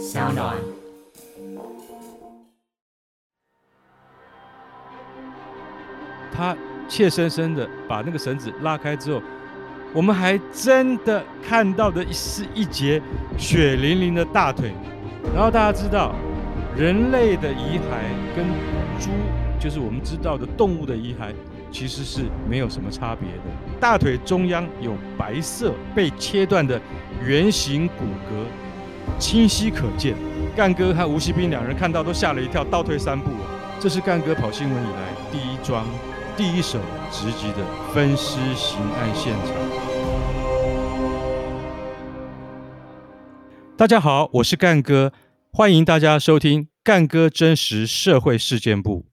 SoundOn。他怯生生的把那個繩子拉開之後，我們還真的看到的是一截血淋淋的大腿。然後大家知道，人類的遺骸跟豬，就是我們知道的動物的遺骸，其實是沒有什麼差別的。大腿中央有白色被切斷的圓形骨骼。清晰可見，幹哥和吳錫斌兩人看到都嚇了一跳，倒退三步。這是幹哥跑新聞以來第一樁、第一手直擊的分屍刑案現場。大家好，我是幹哥，歡迎大家收聽幹哥真實社會事件簿。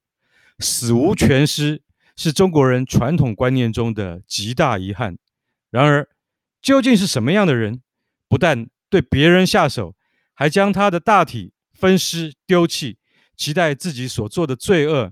死無全屍是中國人傳統觀念中的極大遺憾。然而，究竟是什麼樣的人，不但對別人下手，還將他的大體分屍丟棄，期待自己所做的罪惡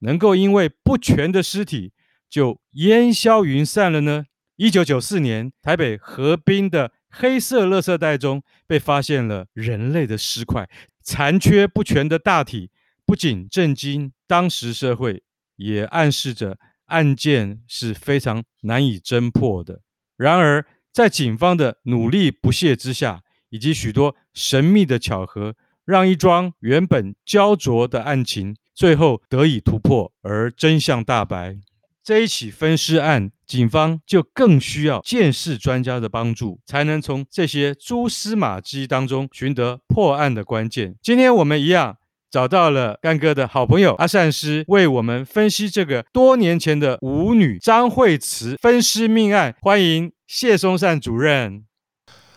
能夠因為不全的屍體就煙消雲散了呢？一九九四年，台北河濱的黑色垃圾袋中被發現了人類的屍塊，殘缺不全的大體不僅震驚當時社會，也暗示着案件是非常難以偵破的。然而，在警方的努力不懈之下，以及許多神秘的巧合，讓一樁原本膠著的案情最後得以突破，而真相大白。這一起分屍案，警方就更需要鑑識專家的幫助，才能從這些蛛絲馬迹當中尋得破案的關鍵。今天我們一樣。找到了乾哥的好朋友阿善師，為我們分析這個多年前的舞女張慧慈分屍命案。歡迎謝松善主任，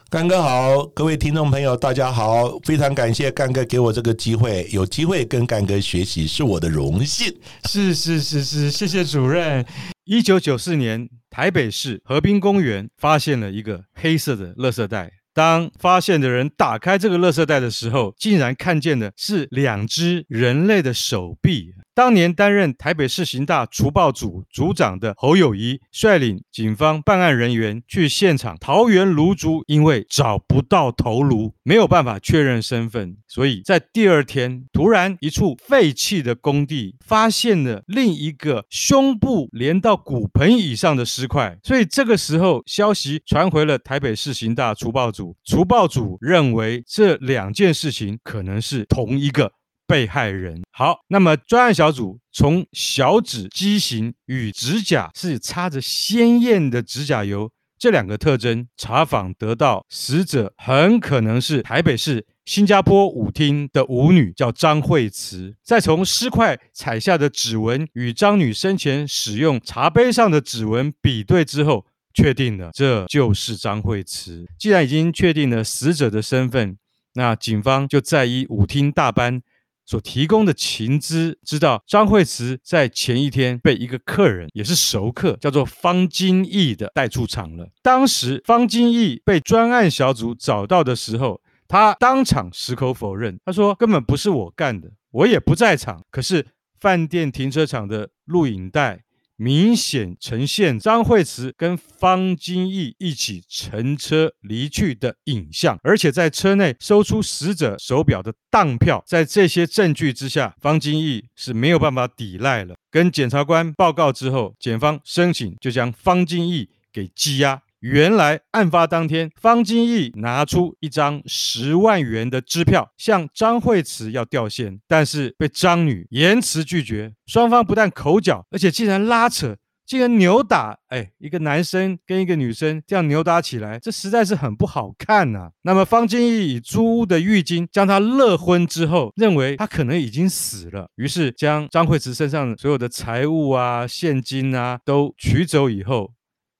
乾哥好，各位聽眾朋友，大家好，非常感謝乾哥給我這個機會，有機會跟乾哥學習是我的榮幸。是是是是，謝謝主任。一九九四年，台北市河濱公園发現了一個黑色的垃圾袋。當發現的人打開這個垃圾袋的時候，竟然看見的是兩隻人類的手臂。當年擔任台北市刑大除暴組組長的侯友宜，率領警方辦案人員去現場。桃園蘆竹，因為找不到頭顱，沒有辦法確認身份，所以在第二天，突然一處廢棄的工地發現了另一個胸部連到骨盆以上的屍塊。所以這個時候，消息傳回了台北市刑大除暴組，除暴組認為這兩件事情可能是同一個。被害人好。那麼專案小組從小指畸形與指甲是擦着鮮豔的指甲油這兩個特徵查訪得到，死者很可能是台北市新加坡舞廳的舞女，叫張慧慈。在從屍塊採下的指紋與張女生前使用茶杯上的指紋比對之後，確定了這就是張慧慈。既然已經確定了死者的身份，那警方就在一舞廳大班所提供的情資，知道張慧慈在前一天被一個客人，也是熟客，叫做方金義的帶出場了。當時方金義被專案小組找到的時候，他當場矢口否認，他說根本不是我幹的，我也不在場，可是飯店停車場的錄影帶。明顯呈現張慧慈跟方金義一起乘車離去的影像，而且在車內搜出死者手表的當票。在這些證據之下，方金義是沒有辦法抵賴了。跟檢察官報告之後，檢方申請就將方金義給羈押。原來案發當天，方金義拿出一張十萬元的支票，向張慧慈要掉線，但是被張女嚴詞拒絕。雙方不但口角，而且竟然拉扯，竟然扭打。哎，一個男生跟一個女生這樣扭打起來，這實在是很不好看吶、啊。那麼，方金義以租屋的浴巾將她勒昏之後，認為她可能已經死了，於是將張慧慈身上所有的財物啊、現金啊都取走以後。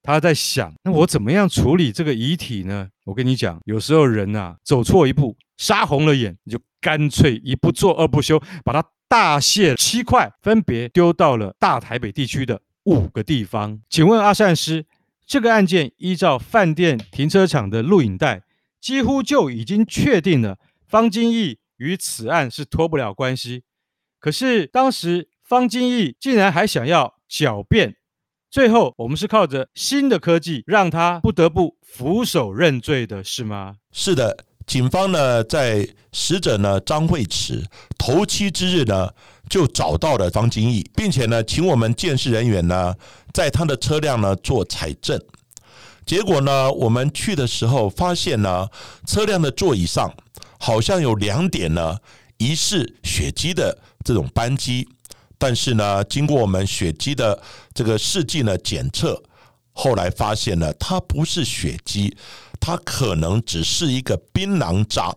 他在想，那我怎麼樣處理這個遺體呢？我跟你講，有時候人啊走錯一步，殺紅了眼，你就乾脆一不做二不休，把它大卸七塊，分別丟到了大台北地區的五個地方。請問阿善師，這個案件依照飯店停車場的錄影帶，幾乎就已經確定了方金義與此案是脫不了關係。可是當時方金義竟然還想要狡辯。最後，我們是靠着新的科技，讓他不得不俯首認罪的是嗎？是的，警方呢在死者呢張慧慈頭七之日呢，就找到了方金義，並且呢請我們鑑識人員呢在他的車輛呢做採證，結果呢我們去的時候發現呢車輛的座椅上好像有兩點呢疑似血跡的這種斑跡。但是呢，經過我們血跡的這個試劑呢檢測，後來發現呢，它不是血跡，它可能只是一個檳榔渣。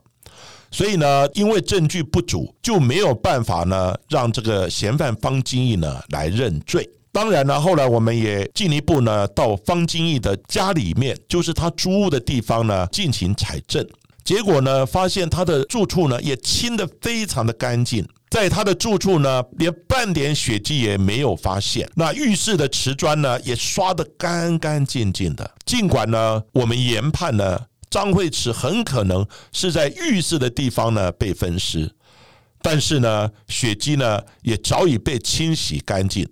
所以呢，因為證據不足，就沒有辦法呢讓這個嫌犯方金義呢來認罪。當然呢，後來我們也進一步呢到方金義的家裡面，就是他租屋的地方呢進行採證，結果呢發現他的住處呢也清得非常的乾淨。在他的住處呢，連半點血跡也沒有發現。那浴室的瓷磚呢，也刷得干干淨淨的。儘管呢，我們研判呢，張慧慈很可能是在浴室的地方呢被分屍，但是呢，血跡呢也早已被清洗乾淨。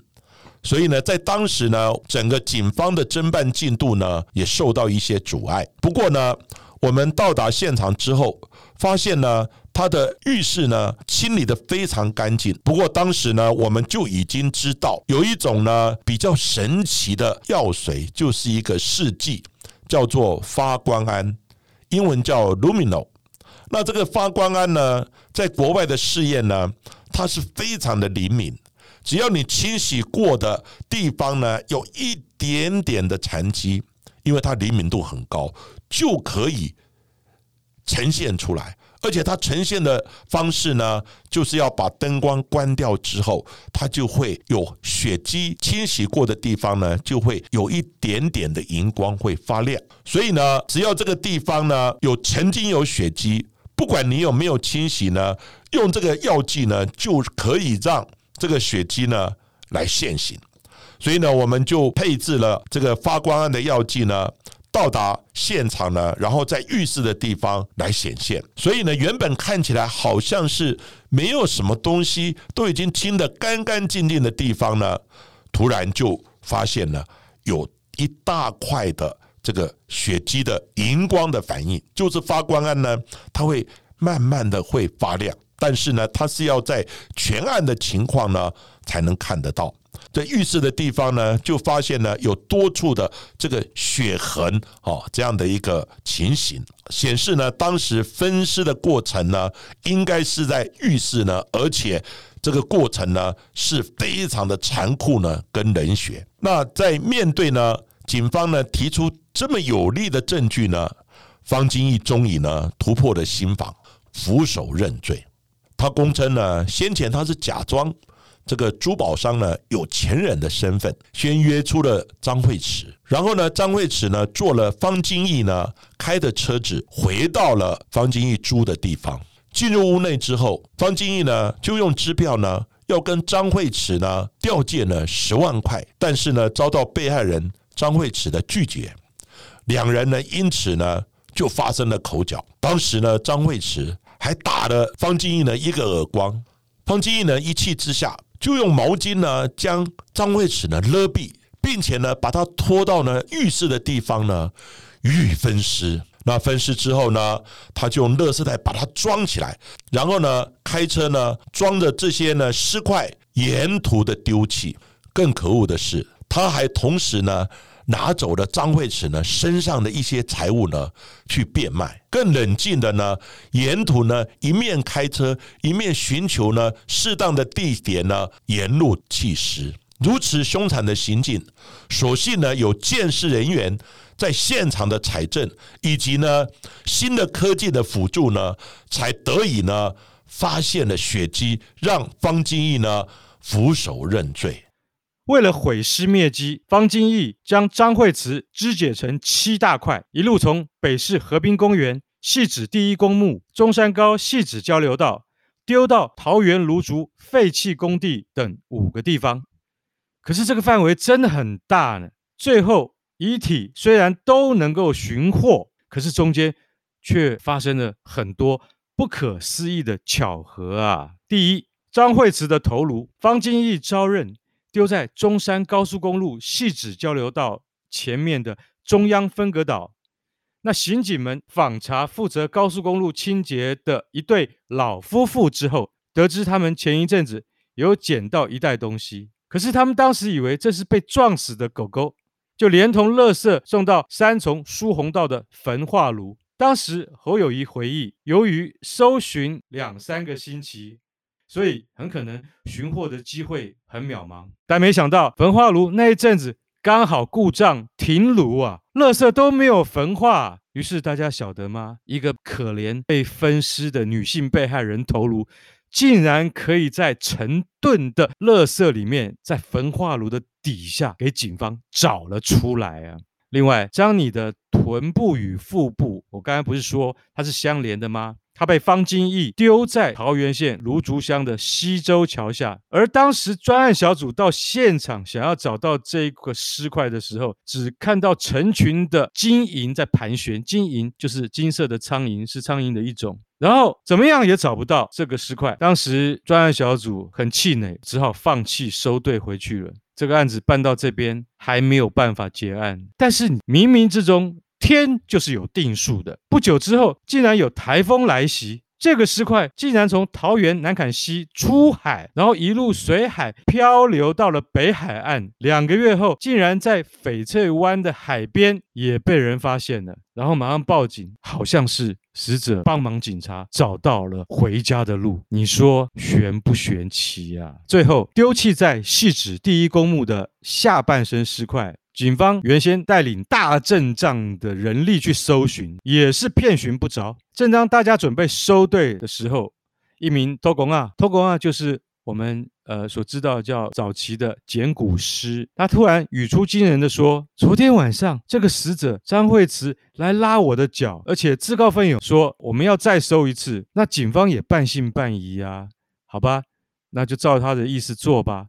所以呢，在當時呢，整個警方的偵辦進度呢也受到一些阻礙。不過呢，我們到達現場之後，發現呢。它的浴室呢，清理的非常乾淨。不過當時呢，我們就已經知道有一種呢比較神奇的藥水，就是一個試劑，叫做發光胺，英文叫 Lumino。那這個發光胺呢，在國外的試驗呢，它是非常的靈敏，只要你清洗過的地方呢，有一點點的殘跡，因為它靈敏度很高，就可以呈現出來。而且它呈現的方式呢，就是要把燈光關掉之後，它就會有血跡清洗過的地方呢，就會有一點點的熒光會發亮。所以呢，只要這個地方呢有曾經有血跡，不管你有沒有清洗呢，用這個藥劑呢就可以讓這個血跡呢來現形。所以呢，我們就配置了這個發光胺的藥劑呢。到達現場呢，然後在浴室的地方來顯現。所以呢，原本看起來好像是沒有什麼東西，都已經清得乾乾淨淨的地方呢，突然就發現了有一大塊的這個血跡的熒光的反應，就是發光胺呢，它會慢慢的會發亮，但是呢，它是要在全暗的情況呢才能看得到。在浴室的地方呢，就發現呢有多處的這個血痕哦，這樣的一個情形，顯示呢當時分屍的過程呢，應該是在浴室呢，而且這個過程呢是非常的殘酷呢，跟冷血。那在面對呢警方呢提出這麼有力的證據呢，方金義終於呢突破了心防，俯首認罪。他供稱呢，先前他是假裝。這個珠寶商呢，有錢人的身份，先約出了張慧慈，然後呢，張慧慈呢坐了方金義呢開的車子，回到了方金義租的地方。進入屋內之後，方金義呢就用支票呢要跟張慧慈呢調借呢十萬塊，但是呢遭到被害人張慧慈的拒絕，兩人呢因此呢就發生了口角。當時呢張慧慈還打了方金義呢一個耳光，方金義呢一氣之下。就用毛巾呢將張慧慈呢勒斃，並且呢把他拖到呢浴室的地方呢予以分屍。那分屍之後呢，他就用垃圾袋把它裝起來，然後呢開車呢裝着這些呢屍塊沿途的丟棄。更可惡的是，他還同時呢。拿走了張慧慈呢身上的一些財物呢，去變賣。更冷靜的呢，沿途呢一面開車，一面尋求呢適當的地點呢沿路棄屍。如此兇殘的行徑，所幸呢有鑑識人員在現場的採證，以及呢新的科技的輔助呢，才得以呢發現了血跡，讓方金義呢俯首認罪。為了毀屍滅跡，方金義將張慧慈肢,肢解成七大塊，一路從北市河濱公園、汐止第一公墓、中山高汐止交流道，丟到桃園蘆竹廢棄工地等五個地方。可是這個範圍真的很大呢。最後遺體雖然都能夠尋獲，可是中間卻發生了很多不可思議的巧合啊！第一，張慧慈的頭顱，方金義招認。丟在中山高速公路汐止交流道前面的中央分隔島。那刑警們訪查負責高速公路清潔的一對老夫婦之後，得知他們前一陣子有撿到一袋東西，可是他們當時以為這是被撞死的狗狗，就連同垃圾送到三重疏洪道的焚化爐。當時侯友宜回憶，由於搜尋兩三個星期。所以很可能尋獲的機會很渺茫，但沒想到焚化爐那一陣子剛好故障停爐啊，垃圾都沒有焚化。於是大家曉得嗎？一個可憐被分屍的女性被害人頭顱，竟然可以在成噸的垃圾裡面，在焚化爐的底下給警方找了出來啊！另外，將你的臀部與腹部，我剛才不是說它是相連的嗎？它被方金義丟在桃園縣蘆竹鄉的溪洲橋下，而當時專案小組到現場想要找到這個屍塊的時候，只看到成群的金蠅在盤旋，金蠅就是金色的蒼蠅，是蒼蠅的一種，然後怎麼樣也找不到這個屍塊，當時專案小組很氣餒，只好放棄收隊回去了。這個案子辦到這邊還沒有辦法結案，但是冥冥之中天就是有定數的。不久之後，竟然有颱風來襲。這個屍塊竟然從桃園南崁溪出海，然後一路隨海漂流到了北海岸。兩個月後，竟然在翡翠灣的海邊也被人發現了，然後馬上報警，好像是死者幫忙警察找到了回家的路。你說玄不玄奇呀、啊？最後丟棄在汐止第一公墓的下半身屍塊。警方原先帶領大陣仗的人力去搜尋，也是遍尋不着。正當大家準備收隊的時候，一名土公仔啊，土公仔啊，就是我們呃所知道叫早期的撿骨師，他突然語出驚人地說：“昨天晚上這個死者張慧慈來拉我的腳，而且自告奮勇說我們要再搜一次。”那警方也半信半疑啊，好吧，那就照他的意思做吧。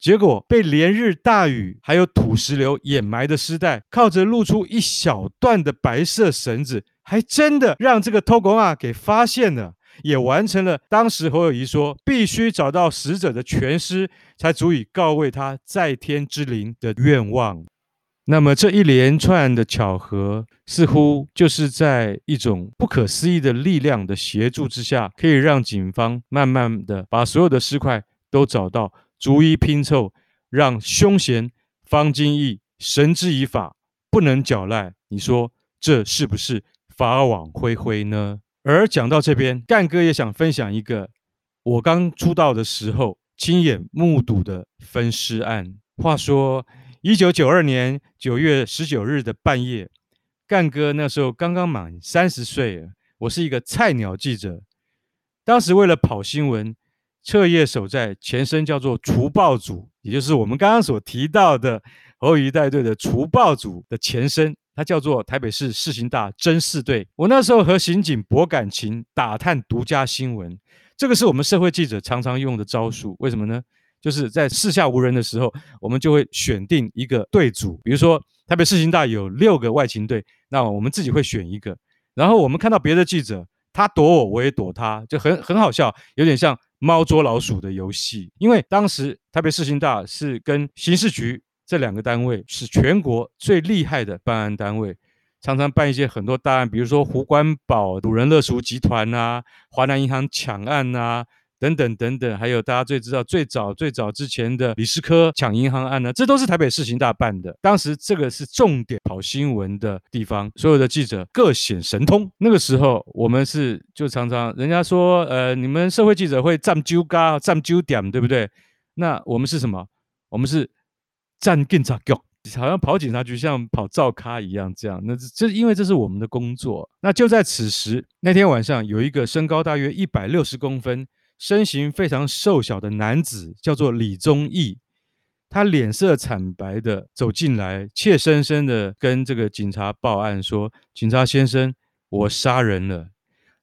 結果被連日大雨還有土石流掩埋的屍袋，靠着露出一小段的白色繩子，還真的讓這個土公仔給發現了，也完成了當時侯友宜說必須找到死者的全屍，才足以告慰他在天之靈的願望。那麼這一連串的巧合，似乎就是在一種不可思議的力量的協助之下，可以讓警方慢慢的把所有的屍塊都找到。逐一拼湊，讓凶嫌方金義繩之以法，不能狡賴。你說這是不是法網恢恢呢？而講到這邊，幹哥也想分享一個我剛出道的時候親眼目睹的分屍案。話說，一九九二年九月十九日的半夜，幹哥那時候剛剛滿三十歲，我是一個菜鳥記者，當時為了跑新聞。徹夜守在，前身叫做除暴組，也就是我們剛剛所提到的侯瑜帶隊的除暴組的前身，他叫做台北市市刑大偵四隊。我那時候和刑警搏感情，打探獨家新聞，這個是我們社會記者常常用的招數。為什麼呢？就是在四下無人的時候，我們就會選定一個隊組，比如說台北市刑大有六個外勤隊，那我們自己會選一個，然後我們看到別的記者，他躲我，我也躲他，就很很好笑，有點像。貓捉老鼠的遊戲，因為當時台北市刑大是跟刑事局這兩個單位是全國最厲害的辦案單位，常常辦一些很多大案，比如說胡關寶擄人勒贖集團吶、啊、華南銀行搶案吶、啊。等等等等，還有大家最知道最早最早之前的李師科搶銀行案呢，這都是台北市刑大辦的。當時這個是重點跑新聞的地方，所有的記者各顯神通。那個時候我們是就常常人家說，呃，你們社會記者會站酒家，站酒店，對不對？那我們是什麼？我們是站警察局，好像跑警察局像跑灶咖一樣這樣。那這是因為這是我們的工作。那就在此時那天晚上，有一個身高大約一百六十公分，身形非常瘦小的男子叫做李宗愨，他臉色慘白的走進來，怯生生的跟這個警察報案說：“警察先生，我殺人了。”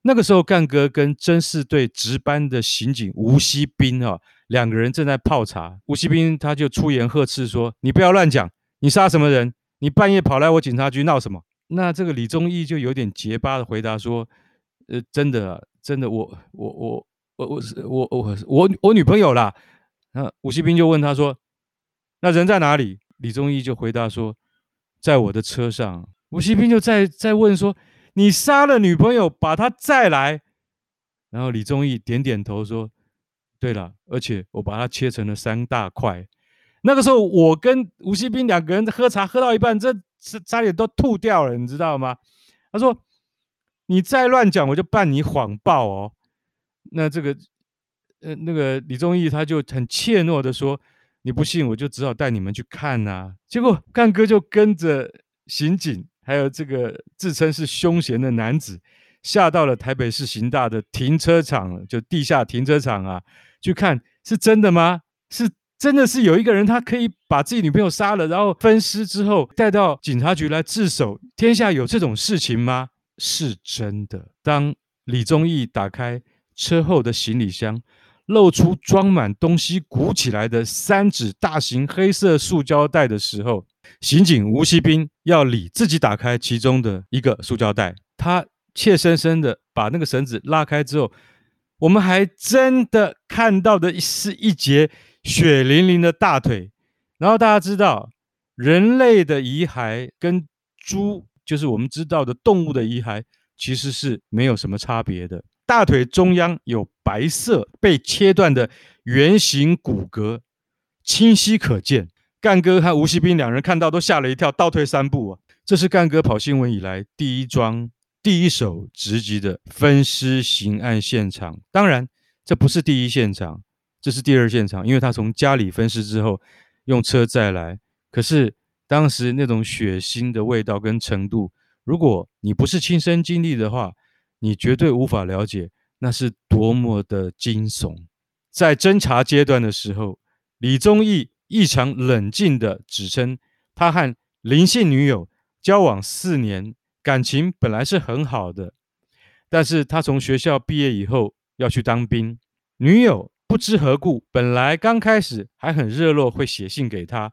那個時候，幹哥跟偵四隊值班的刑警吳錫斌哈、啊、兩個人正在泡茶，吳錫斌他就出言呵斥說：“你不要亂講，你殺什麼人？你半夜跑來我警察局鬧什麼？”那這個李宗愨就有點結巴的回答說：“呃，真的、啊，真的，我，我，我。”我是我我我我女朋友啦，那吳錫斌就問他說：“那人在哪裡？”李宗愨就回答說：“在我的車上。”吳錫斌就再再問說：“你殺了女朋友，把她載來？”然後李宗愨點點頭說：“對啦，而且我把她切成了三大塊。”那個時候，我跟吳錫斌兩個人喝茶，喝到一半，這差差點都吐掉了，你知道嗎？他說：“你再亂講，我就辦你謊報哦。”那這個，呃，那個李宗愨他就很怯懦的說：“你不信，我就只好帶你們去看吶、啊。”結果幹哥就跟着刑警，還有這個自稱是兇嫌的男子，下到了台北市刑大的停車場，就地下停車場啊，去看是真的嗎？是真的是有一個人，他可以把自己女朋友殺了，然後分屍之後帶到警察局來自首？天下有這種事情嗎？是真的。當李宗愨打開車後的行李箱露出裝滿東西鼓起來的三隻大型黑色塑膠袋的時候，刑警吳錫斌要李自己打開其中的一個塑膠袋，他怯生生地把那個繩子拉開之後，我們還真的看到的是一截血淋淋的大腿。然後大家知道，人類的遺骸跟豬，就是我們知道的動物的遺骸，其實是沒有什麼差別的。大腿中央有白色被切斷的圓形骨骼，清晰可見。幹哥和吳錫斌兩人看到都嚇了一跳，倒退三步啊！這是幹哥跑新聞以來第一樁、第一手直擊的分屍刑案現場。當然，這不是第一現場，這是第二現場，因為他從家裡分屍之後用車載來。可是當時那種血腥的味道跟程度，如果你不是親身經歷的話，你絕對無法了解那是多麼的驚悚。在偵查階段的時候，李宗愨異常冷靜地指稱，他和林姓女友交往四年，感情本來是很好的，但是他從學校畢業以後要去當兵，女友不知何故，本來剛開始還很熱絡，會寫信給他，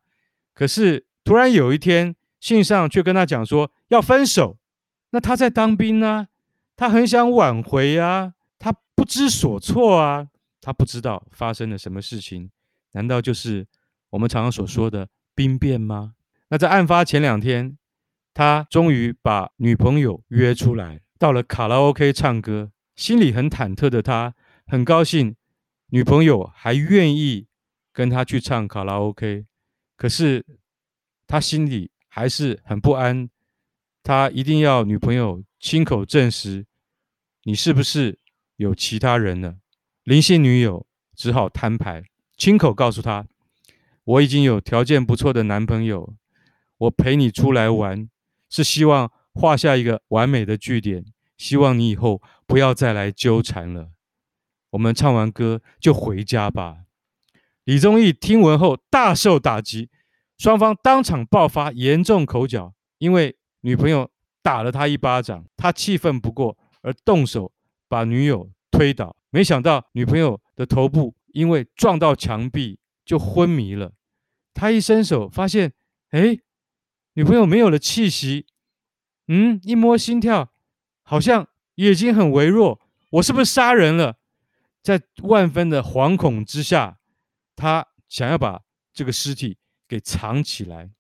可是突然有一天，信上卻跟他講說要分手。那他在當兵呢？他很想挽回啊，他不知所措啊，他不知道發生了什麼事情。難道就是我們常常所說的兵變嗎？那在案發前兩天，他終於把女朋友約出來，到了卡拉 OK 唱歌。心裡很忐忑的他，很高興女朋友還願意跟他去唱卡拉 OK。可是他心裡還是很不安，他一定要女朋友親口證實。你是不是有其他人了？林姓女友只好攤牌，親口告訴他：“我已經有條件不錯的男朋友，我陪你出來玩，是希望畫下一個完美的句點，希望你以後不要再來糾纏了。”我們唱完歌就回家吧。李宗愨聽聞後大受打擊，雙方當場爆發嚴重口角，因為女朋友打了他一巴掌，他氣憤不過。而動手把女友推倒，沒想到女朋友的頭部因為撞到牆壁就昏迷了。他一伸手，發現，哎，女朋友沒有了氣息。嗯，一摸心跳，好像已經很微弱。我是不是殺人了？在萬分的惶恐之下，他想要把這個屍體給藏起來。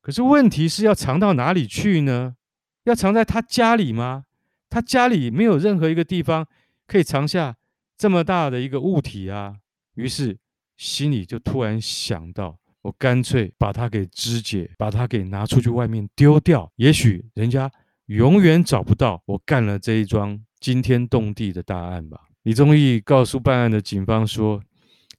可是問題是要藏到哪裡去呢？要藏在他家裡嗎？他家裡沒有任何一個地方可以藏下這麼大的一個物體啊！於是心裡就突然想到：我乾脆把它給肢解，把它給拿出去外面丟掉，也許人家永遠找不到我幹了這一樁驚天動地的大案吧！李宗愨告訴辦案的警方說，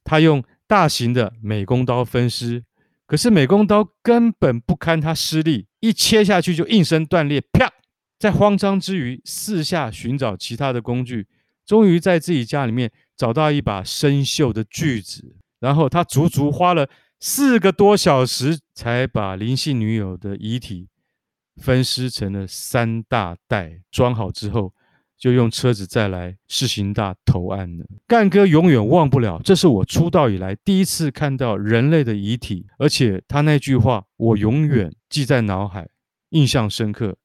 他用大型的美工刀分屍，可是美工刀根本不堪他施力，一切下去就應聲斷裂，啪！在慌張之餘，四下尋找其他的工具，終於在自己家裡面找到一把生鏽的鋸子。然後他足足花了四個多小時，才把林姓女友的遺體分屍成了三大袋，裝好之後，就用車子載來四刑大投案了。幹哥永遠忘不了，這是我出道以來第一次看到人類的遺體，而且他那句話我永遠記在腦海，印象深刻。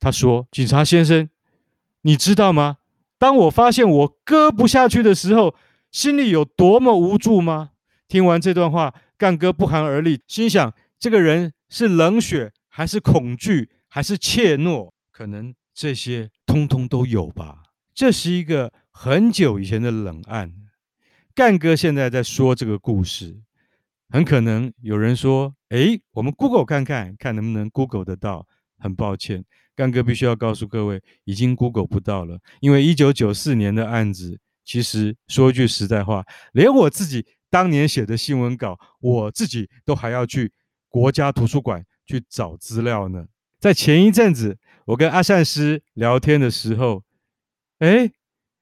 他說：“警察先生，你知道嗎？當我發現我割不下去的時候，心裡有多麼無助嗎？”聽完這段話，幹哥不寒而栗，心想：這個人是冷血，還是恐懼，還是怯懦？可能這些通通都有吧。這是一個很久以前的冷案。幹哥現在在說這個故事，很可能有人說：“哎，我們 Google 看看，看能不能 Google 得到。”很抱歉。幹哥必須要告訴各位，已經 Google 不到了，因為一九九四年的案子，其實說句實在話，連我自己當年寫的新聞稿，我自己都還要去國家圖書館去找資料呢。在前一陣子，我跟阿善師聊天的時候，哎，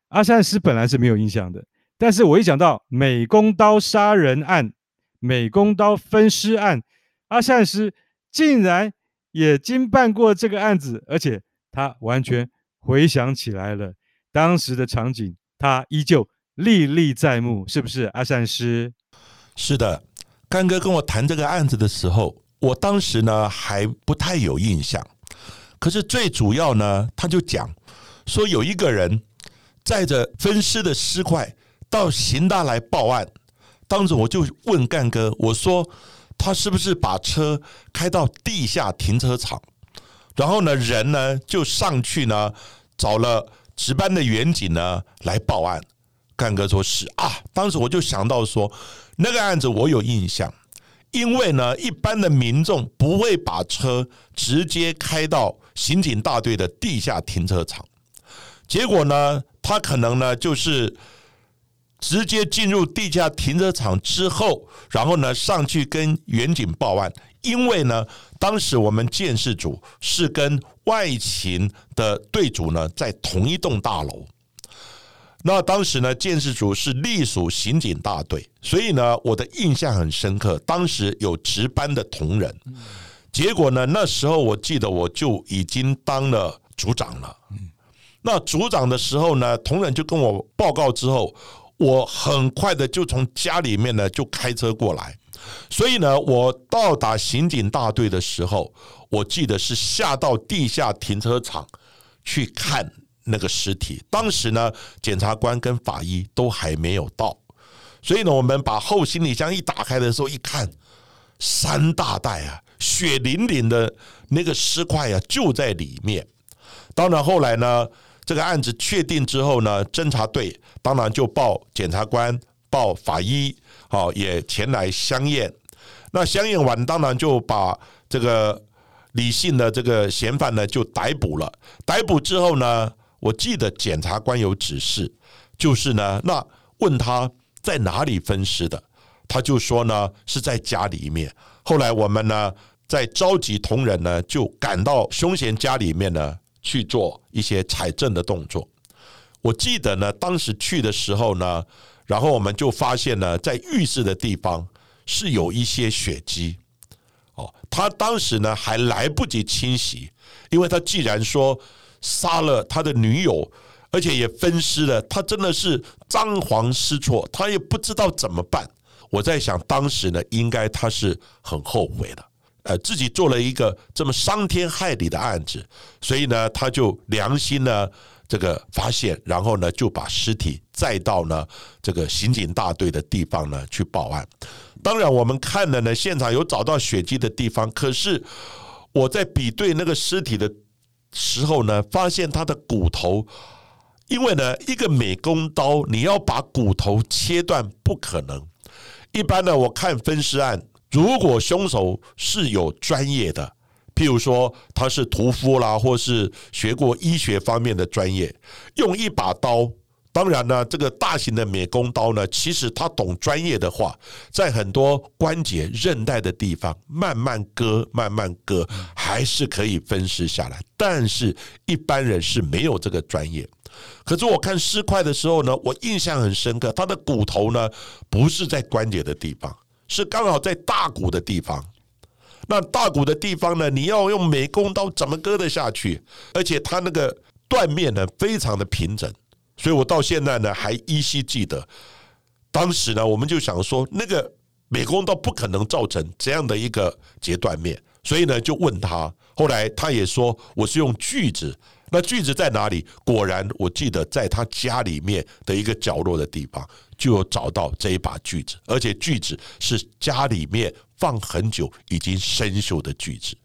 阿善師本來是沒有印象的，但是我一講到美工刀殺人案、美工刀分屍案，阿善師竟然。也經辦過這個案子，而且他完全回想起來了當時的場景，他依舊歷歷在目，是不是阿善師？是的，乾哥跟我談這個案子的時候，我當時呢還不太有印象，可是最主要呢，他就講說有一個人載着分屍的屍塊到刑大來報案，當時我就問干哥，我說。他是不是把車開到地下停車場，然後呢，人呢就上去呢，找了值班的員警呢來報案？幹哥說是啊，當時我就想到說，那個案子我有印象，因為呢，一般的民眾不會把車直接開到刑警大隊的地下停車場，結果呢，他可能呢就是。直接進入地下停車場之後，然後呢上去跟員警報案，因為呢當時我們鑑識組是跟外勤的隊組呢在同一棟大樓。那當時呢鑑識組是隸屬刑警大隊，所以呢我的印象很深刻。當時有值班的同仁，結果呢那時候我記得我就已經當了組長了。那組長的時候呢，同仁就跟我報告之後。我很快的就從家裡面呢就開車過來，所以呢，我到達刑警大隊的時候，我記得是下到地下停車場去看那個屍體。當時呢，檢察官跟法醫都還沒有到，所以呢，我們把後行李箱一打開的時候，一看三大袋啊，血淋淋的那個屍塊啊就在裡面。當然後來呢。這個案子確定之後呢，偵查隊當然就報檢察官、報法醫，好也前來相驗。那相驗完，當然就把這個李姓的這個嫌犯呢就逮捕了。逮捕之後呢，我記得檢察官有指示，就是呢，那問他在哪裡分屍的，他就說呢是在家裡面。後來我們呢在召集同仁呢，就趕到兇嫌家裡面呢。去做一些財政的動作。我記得呢，當時去的時候呢，然後我們就發現呢，在浴室的地方是有一些血跡。哦，他當時呢還來不及清洗，因為他既然說殺了他的女友，而且也分屍了，他真的是張皇失措，他也不知道怎麼辦。我在想，當時呢，應該他是很後悔的。呃，自己做了一個這麼傷天害理的案子，所以呢，他就良心呢，這個發現，然後呢，就把屍體載到呢這個刑警大隊的地方呢去報案。當然，我們看了呢，現場有找到血跡的地方，可是我在比對那個屍體的時候呢，發現他的骨頭，因為呢，一個美工刀你要把骨頭切斷不可能。一般呢，我看分屍案。如果凶手是有專業的，譬如說他是屠夫啦，或是學過醫學方面的專業，用一把刀，當然呢，這個大型的美工刀呢，其實他懂專業的話，在很多關節韌帶的地方慢慢割、慢慢割，還是可以分屍下來。但是一般人是沒有這個專業。可是我看屍塊的時候呢，我印象很深刻，他的骨頭呢不是在關節的地方。是剛好在大骨的地方，那大骨的地方呢，你要用美工刀怎麼割得下去？而且它那個斷面呢，非常的平整，所以我到現在呢還依稀記得，當時呢我們就想說，那個美工刀不可能造成這樣的一個截斷面，所以呢就問他，後來他也說，我是用鋸子。那鋸子在哪裡？果然，我記得在他家裡面的一個角落的地方，就有找到這一把鋸子，而且鋸子是家裡面放很久、已經生銹的鋸子。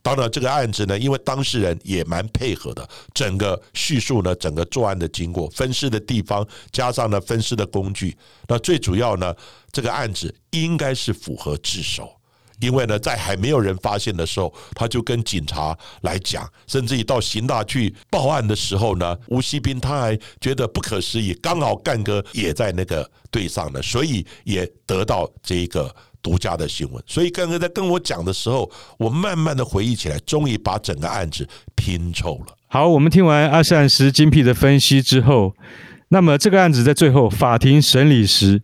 當然，這個案子呢，因為當事人也蠻配合的，整個敘述呢，整個作案的經過、分屍的地方，加上呢分屍的工具，那最主要呢，這個案子應該是符合自首。因為呢，在還沒有人發現的時候，他就跟警察來講，甚至於到刑大去報案的時候呢，吳錫斌他還覺得不可思議。剛好幹哥也在那個隊上呢，所以也得到這個獨家的新聞。所以幹哥在跟我講的時候，我慢慢的回憶起來，終於把整個案子拼湊了。好，我們聽完阿善師精闢的分析之後，那麼這個案子在最後法庭審理時，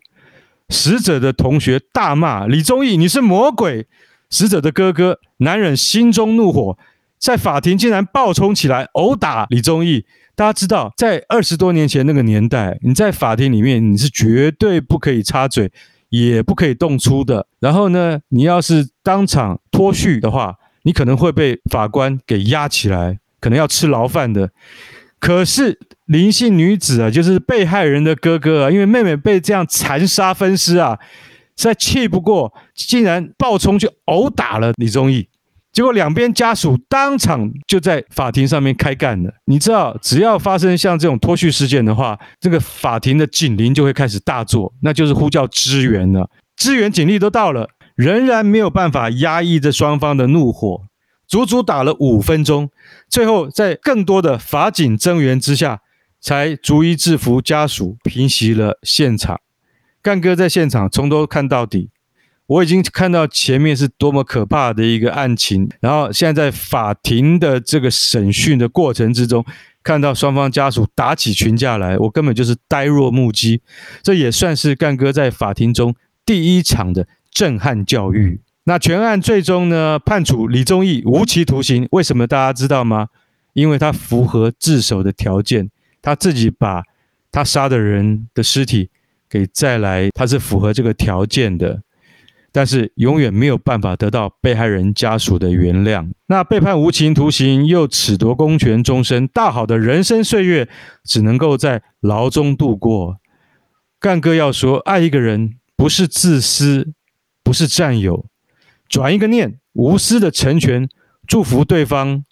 死者的同學大罵李宗愨你是魔鬼，死者的哥哥難忍心中怒火，在法庭竟然暴衝起來毆打李宗愨。大家知道，在二十多年前那個年代，你在法庭裡面你是絕對不可以插嘴，也不可以動粗的。然後呢，你要是當場脫序的話，你可能會被法官給押起來，可能要吃牢飯的。可是林姓女子啊，就是被害人的哥哥啊，因為妹妹被這樣殘殺分屍啊，再氣不過，竟然暴衝去毆打了李宗愨，結果兩邊家屬當場就在法庭上面開幹了。你知道，只要發生像這種脫序事件的話，這個法庭的警鈴就會開始大作，那就是呼叫支援了啊。支援警力都到了，仍然沒有辦法壓抑着雙方的怒火。足足打了五分鐘，最後在更多的法警增援之下，才逐一制服家屬，平息了現場。乾哥在現場從頭看到底，我已經看到前面是多麼可怕的一個案情，然後現在在法庭的這個審訊的過程之中，看到雙方家屬打起群架來，我根本就是呆若木雞。這也算是乾哥在法庭中第一場的震撼教育。那全案最終呢，判處李宗愨無期徒刑，為什麼大家知道嗎？因為他符合自首的條件，他自己把他殺的人的屍體給載來，他是符合這個條件的，但是永遠沒有辦法得到被害人家屬的原諒。那被判無期徒刑又褫奪公權終身，大好的人生歲月只能夠在牢中度過。乾哥要說，愛一個人不是自私，不是佔有。轉一個念，無私的成全，祝福對方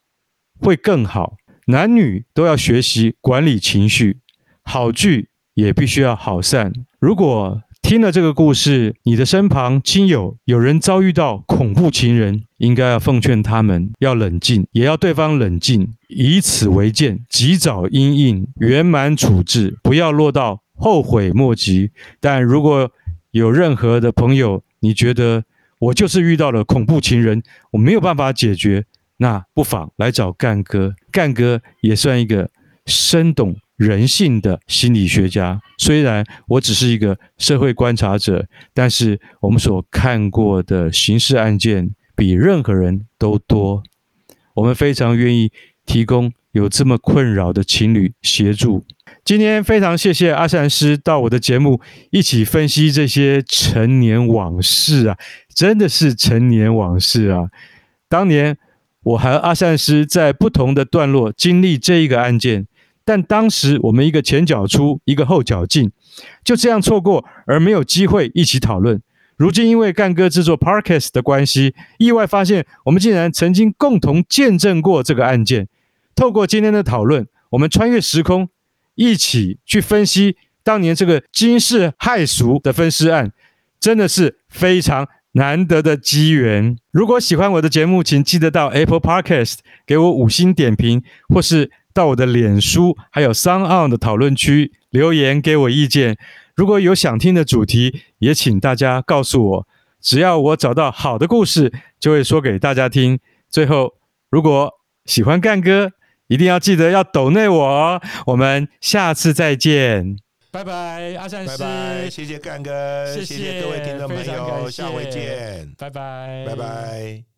會更好。男女都要學習管理情緒，好聚也必須要好散。如果聽了這個故事，你的身旁親友有人遭遇到恐怖情人，應該要奉勸他們要冷靜，也要對方冷靜，以此為鑑，及早因應，圓滿處置，不要落到後悔莫及。但如果有任何的朋友，你覺得。我就是遇到了恐怖情人，我沒有辦法解決，那不妨來找幹哥。幹哥也算一個深懂人性的心理學家，雖然我只是一個社會觀察者，但是我們所看過的刑事案件比任何人都多，我們非常願意提供。有這麼困擾的情侶協助，今天非常謝謝阿善師到我的節目一起分析這些陳年往事啊，真的是陳年往事啊！當年我和阿善師在不同的段落經歷這一個案件，但當時我們一個前腳出，一個後腳進，就這樣錯過而沒有機會一起討論。如今因為乾哥製作 podcast 的關係，意外發現我們竟然曾經共同見證過這個案件。透過今天的討論，我們穿越時空，一起去分析當年這個驚世駭俗的分屍案，真的是非常難得的機緣。如果喜歡我的節目，請記得到 Apple Podcast 給我五星點評，或是到我的臉書還有 SoundOn 的討論區留言給我意見。如果有想聽的主題，也請大家告訴我，只要我找到好的故事，就會說給大家聽。最後，如果喜歡幹哥，一定要記得要抖內我哦！我們下次再見，拜拜。阿善師，拜拜。謝謝幹哥。謝謝，謝謝各位聽眾朋友，下回見，拜拜 bye，拜拜。